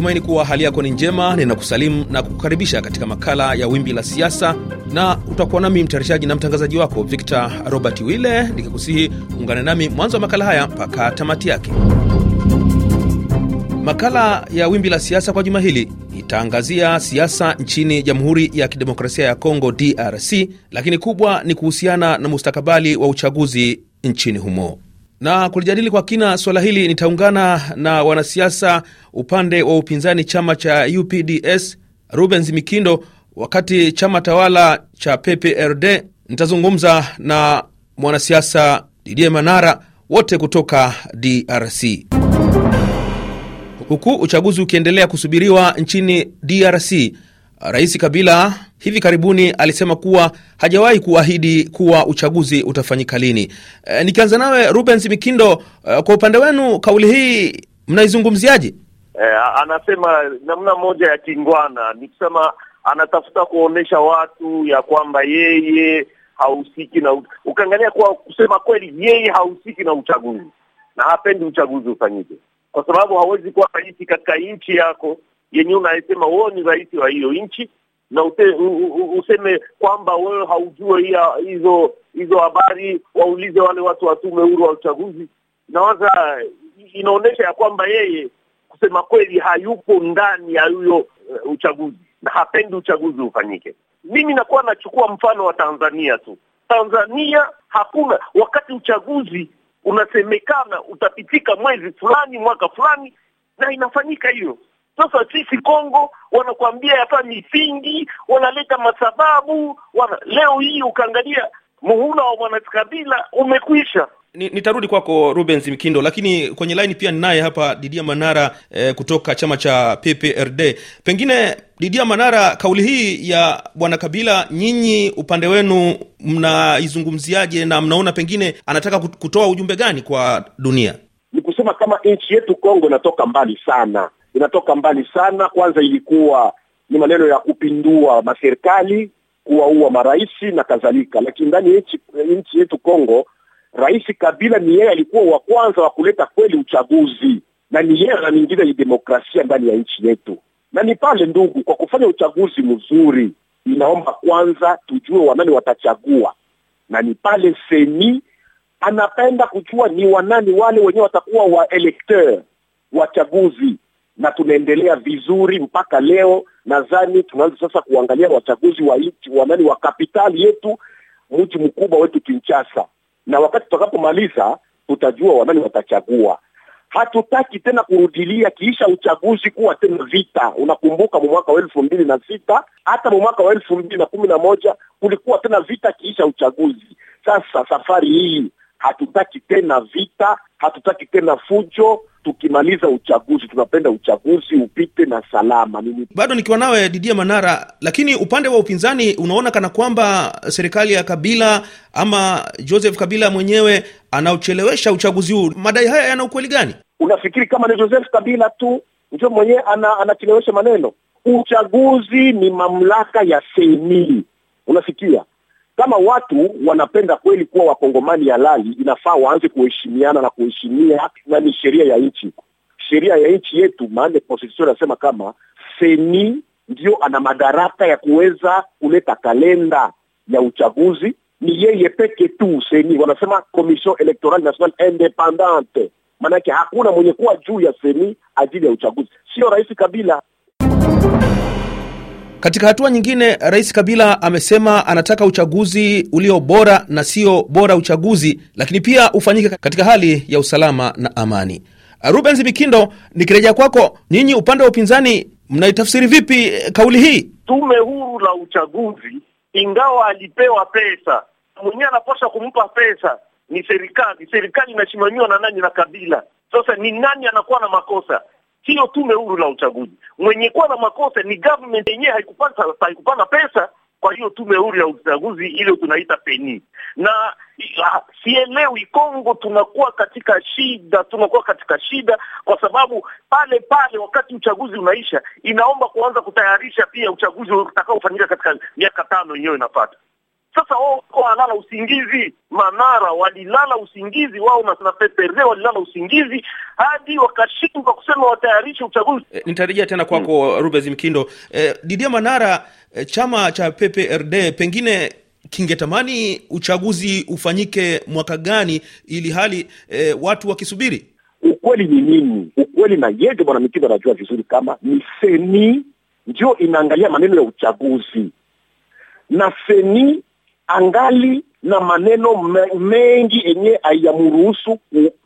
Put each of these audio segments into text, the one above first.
natumaini kuwa hali yako ni njema, ninakusalimu na kukukaribisha katika makala ya Wimbi la Siasa, na utakuwa nami mtayarishaji na mtangazaji wako Victor Robert Wille, nikikusihi ungane nami mwanzo wa makala haya mpaka tamati yake. Makala ya Wimbi la Siasa kwa juma hili itaangazia siasa nchini Jamhuri ya Kidemokrasia ya Kongo, DRC, lakini kubwa ni kuhusiana na mustakabali wa uchaguzi nchini humo. Na kulijadili kwa kina suala hili nitaungana na wanasiasa upande wa upinzani chama cha UPDS Rubens Mikindo, wakati chama tawala cha PPRD nitazungumza na mwanasiasa Didie Manara, wote kutoka DRC. Huku uchaguzi ukiendelea kusubiriwa nchini DRC, Rais Kabila hivi karibuni alisema kuwa hajawahi kuahidi kuwa uchaguzi utafanyika lini. E, nikianza nawe Rubens Mikindo, e, kwa upande wenu kauli hii mnaizungumziaje? E, anasema namna moja ya kingwana, ni kusema anatafuta kuonyesha watu ya kwamba yeye hahusiki na ukiangalia, kwa kusema kweli, yeye hahusiki na uchaguzi na hapendi uchaguzi ufanyike, kwa sababu hawezi kuwa rais katika nchi yako yenye unasema wewe ni rais wa hiyo nchi na ute, u, u, useme kwamba wewe haujue hizo hizo habari, waulize wale watu wa tume huru wa uchaguzi. Nawaza inaonyesha ya kwamba yeye kusema kweli hayupo ndani ya huyo uh, uchaguzi na hapendi uchaguzi ufanyike. Mimi nakuwa nachukua mfano wa Tanzania tu. Tanzania hakuna wakati uchaguzi unasemekana utapitika mwezi fulani mwaka fulani, na inafanyika hiyo sasa sisi Kongo wanakuambia hapa misingi, wanaleta masababu wana, leo hii ukaangalia muhula wa mwanakabila umekwisha. Nitarudi kwako Rubens Mkindo, lakini kwenye laini pia ninaye hapa Didia Manara eh, kutoka chama cha PPRD. Pengine Didia Manara, kauli hii ya bwana Kabila, nyinyi upande wenu mnaizungumziaje na mnaona pengine anataka kutoa ujumbe gani kwa dunia? Ni kusema kama nchi yetu Kongo inatoka mbali sana inatoka mbali sana. Kwanza ilikuwa ni maneno ya kupindua maserikali, kuwaua maraisi na kadhalika, lakini ndani ya nchi yetu Kongo, Rais Kabila ni yeye alikuwa wa kwanza wa kuleta kweli uchaguzi, na ni yeye anaingiza hii demokrasia ndani ya nchi yetu. Na ni pale ndugu, kwa kufanya uchaguzi mzuri, inaomba kwanza tujue wanani watachagua, na ni pale seni anapenda kujua ni wanani wale wenyewe watakuwa wa electeur wachaguzi na tunaendelea vizuri mpaka leo. Nadhani tunaanza sasa kuangalia wachaguzi wa nchi wa nani wa kapitali yetu, mji mkubwa wetu Kinshasa, na wakati tutakapomaliza tutajua wanani watachagua. Hatutaki tena kurudilia kiisha uchaguzi kuwa tena vita. Unakumbuka mwaka wa elfu mbili na sita hata mwaka wa elfu mbili na kumi na moja kulikuwa tena vita kiisha uchaguzi. Sasa safari hii Hatutaki tena vita, hatutaki tena fujo. Tukimaliza uchaguzi, tunapenda uchaguzi upite na salama. Nini? Bado nikiwa nawe Didia Manara, lakini upande wa upinzani unaona kana kwamba serikali ya Kabila ama Joseph Kabila mwenyewe anaochelewesha uchaguzi huu. Madai haya yana ukweli gani? Unafikiri kama ni Joseph Kabila tu ndio mwenyewe anachelewesha ana maneno? Uchaguzi ni mamlaka ya seni, unasikia kama watu wanapenda kweli kuwa wakongomani halali, inafaa waanze kuheshimiana na kuheshimia nani, sheria ya nchi, sheria ya nchi yetu. Maana constitution inasema kama seni ndio ana madaraka ya kuweza kuleta kalenda ya uchaguzi, ni yeye peke tu. Seni wanasema commission electorale nationale independante, maanake hakuna mwenye kuwa juu ya seni ajili ya uchaguzi, sio Rais Kabila. Katika hatua nyingine, Rais Kabila amesema anataka uchaguzi ulio bora na sio bora uchaguzi, lakini pia ufanyike katika hali ya usalama na amani. Rubens mikindo nikirejea kwako, nyinyi upande wa upinzani mnaitafsiri vipi eh, kauli hii? Tume huru la uchaguzi, ingawa alipewa pesa, mwenyewe anapaswa kumpa pesa ni serikali. Serikali inasimamiwa na nani? Na Kabila. Sasa ni nani anakuwa na makosa? Sio tume huru la uchaguzi. Mwenye kuwa na makosa ni government yenyewe, haikupanga pesa kwa hiyo tume huru ya uchaguzi ile tunaita peni. Na ah, sielewi Kongo tunakuwa katika shida, tunakuwa katika shida kwa sababu pale pale wakati uchaguzi unaisha, inaomba kuanza kutayarisha pia uchaguzi utakaofanyika katika miaka tano yenyewe inapata sasa wao wanalala usingizi, Manara walilala usingizi wao na Peperze walilala usingizi hadi wakashindwa kusema watayarishe uchaguzi. E, nitarejea tena kwako hmm, Rubens Mkindo. E, eh, Didia Manara, e, chama cha PPRD pengine kingetamani uchaguzi ufanyike mwaka gani, ili hali e, watu wakisubiri ukweli ni nini? Ukweli na yeye bwana Mkindo anajua vizuri kama ni seni ndio inaangalia maneno ya uchaguzi na seni angali na maneno mengi yenye haiyamruhusu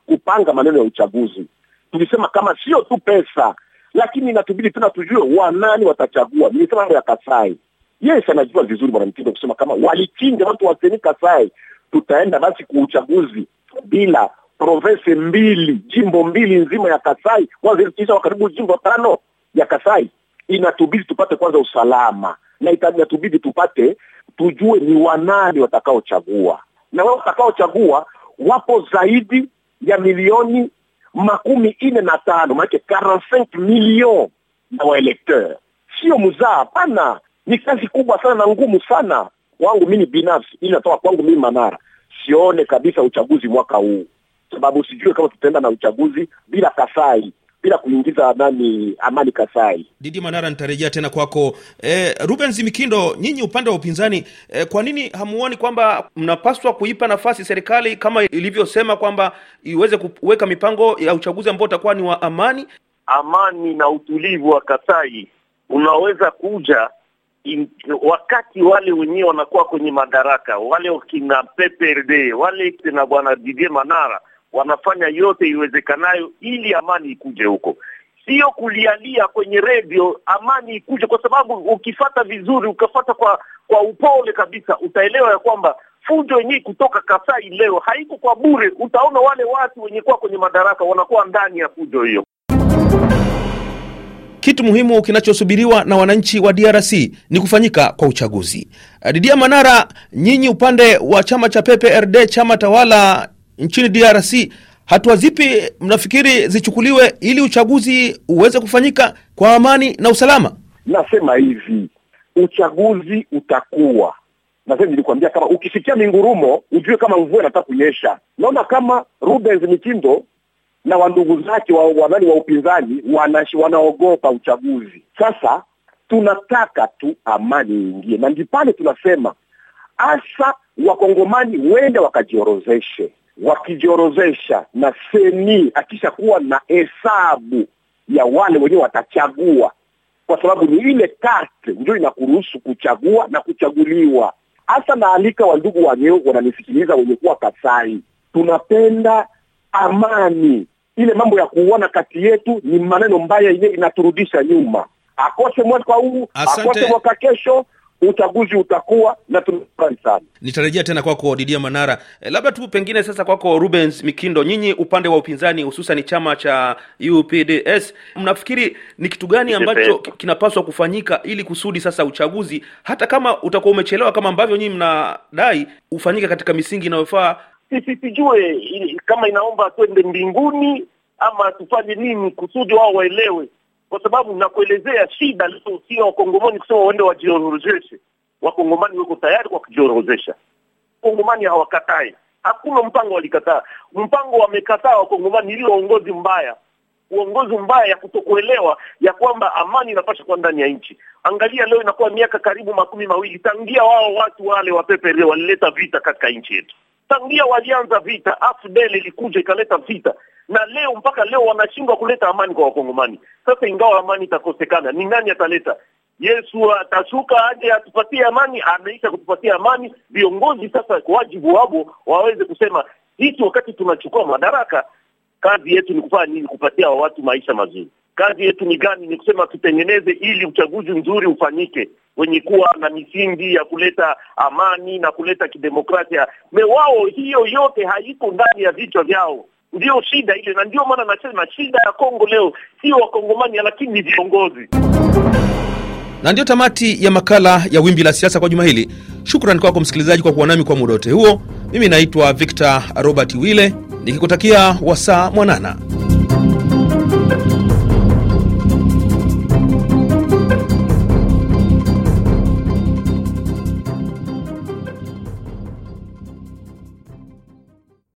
kupanga maneno ya uchaguzi. Tulisema kama sio tu pesa, lakini inatubidi tena tujue wanani watachagua. Nilisema mambo ya Kasai, yes, anajua vizuri bwana Mtindo kusema kama walichinja watu waseni Kasai, tutaenda basi uchaguzi bila provense mbili, jimbo mbili nzima ya Kasai, kwanza wakaribu jimbo tano ya Kasai. Inatubidi tupate kwanza usalama na inatubidi tupate tujue ni wanani watakaochagua, na wao watakaochagua wapo zaidi ya milioni makumi ine na tano maanake 45 million na waelekteur. Sio mzaa, hapana, ni kazi kubwa sana na ngumu sana. Kwangu mimi binafsi, ili natoka kwangu mimi Manara, sione kabisa uchaguzi mwaka huu, sababu sijue kama tutaenda na uchaguzi bila Kasai bila kuingiza amani amani Kasai. Didi Manara, nitarejea tena kwako. E, Ruben Zimikindo, nyinyi upande wa upinzani e, kwa nini hamuoni kwamba mnapaswa kuipa nafasi serikali kama ilivyosema kwamba iweze kuweka mipango ya uchaguzi ambao utakuwa ni wa amani? Amani na utulivu wa Kasai unaweza kuja in, wakati wale wenyewe wanakuwa kwenye madaraka, wale wakina PPRD, wale na bwana Didier Manara wanafanya yote iwezekanayo ili amani ikuje huko, sio kulialia kwenye redio amani ikuje, kwa sababu ukifata vizuri, ukafata kwa kwa upole kabisa, utaelewa ya kwamba fujo yenyewe kutoka Kasai leo haiko kwa bure. Utaona wale watu wenye kuwa kwenye madaraka wanakuwa ndani ya fujo hiyo. Kitu muhimu kinachosubiriwa na wananchi wa DRC ni kufanyika kwa uchaguzi. Didia Manara, nyinyi upande wa chama cha PPRD, chama tawala nchini DRC, hatua zipi mnafikiri zichukuliwe ili uchaguzi uweze kufanyika kwa amani na usalama? Nasema hivi, uchaguzi utakuwa nasema, nilikwambia kama ukisikia mingurumo ujue kama mvua inataka kunyesha. Naona kama Rubens Mitindo na wandugu zake wa wanani wa upinzani wanaogopa uchaguzi. Sasa tunataka tu amani iingie, na ndipale tunasema hasa wakongomani wende wakajiorozeshe wakijiorozesha, na seni kuwa na hesabu ya wale wenyewe watachagua, kwa sababu ni ile karte ndio inakuruhusu kuchagua na kuchaguliwa. Hasa naalika wandugu wanyeo wananisikiliza wenye kuwa Kasai, tunapenda amani. Ile mambo ya kuuana kati yetu ni maneno mbaya yenyewe inaturudisha nyuma, akose mwaka huu, akose mwaka kesho uchaguzi utakuwa na tumefurahi sana. Nitarejea tena kwako kwa Didia Manara, e, labda tu pengine sasa kwako kwa Rubens Mikindo, nyinyi upande wa upinzani hususan chama cha UPDS, mnafikiri ni kitu gani ambacho kinapaswa kufanyika ili kusudi sasa uchaguzi hata kama utakuwa umechelewa kama ambavyo nyinyi mnadai ufanyike katika misingi inayofaa? Sisi sijue kama inaomba twende mbinguni ama tufanye nini kusudi wao waelewe kwa sababu nakuelezea shida leo, sio wakongomani kusema waende wajiorozeshe. Wakongomani wako tayari kwa kujiorozesha, wakongomani hawakatai, hakuna mpango walikataa. Mpango wamekataa wakongomani ilio uongozi mbaya, uongozi mbaya ya kutokuelewa ya kwamba amani inapasha kuwa ndani ya nchi. Angalia leo, inakuwa miaka karibu makumi mawili tangia wao watu wale wapepere walileta vita katika nchi yetu, tangia walianza vita, AFDL ilikuja ikaleta vita na leo mpaka leo wanashindwa kuleta amani kwa Wakongomani. Sasa ingawa amani itakosekana, ni nani ataleta? Yesu atashuka aje atupatie amani? Ameisha kutupatia amani. Viongozi sasa kwa wajibu wabo waweze kusema hiki, wakati tunachukua madaraka, kazi yetu ni kufanya nini? Kupatia wa watu maisha mazuri. Kazi yetu ni gani? Ni kusema tutengeneze ili uchaguzi mzuri ufanyike wenye kuwa na misingi ya kuleta amani na kuleta kidemokrasia. Me wao hiyo yote haiko ndani ya vichwa vyao. Ndiyo shida ile, na ndio maana nasema shida ya Kongo leo sio wakongomani, lakini ni viongozi. Na ndiyo tamati ya makala ya Wimbi la Siasa kwa juma hili. Shukrani kwako msikilizaji kwa kuwa nami kwa muda wote huo. Mimi naitwa Victor Robert Wile nikikutakia wasaa mwanana.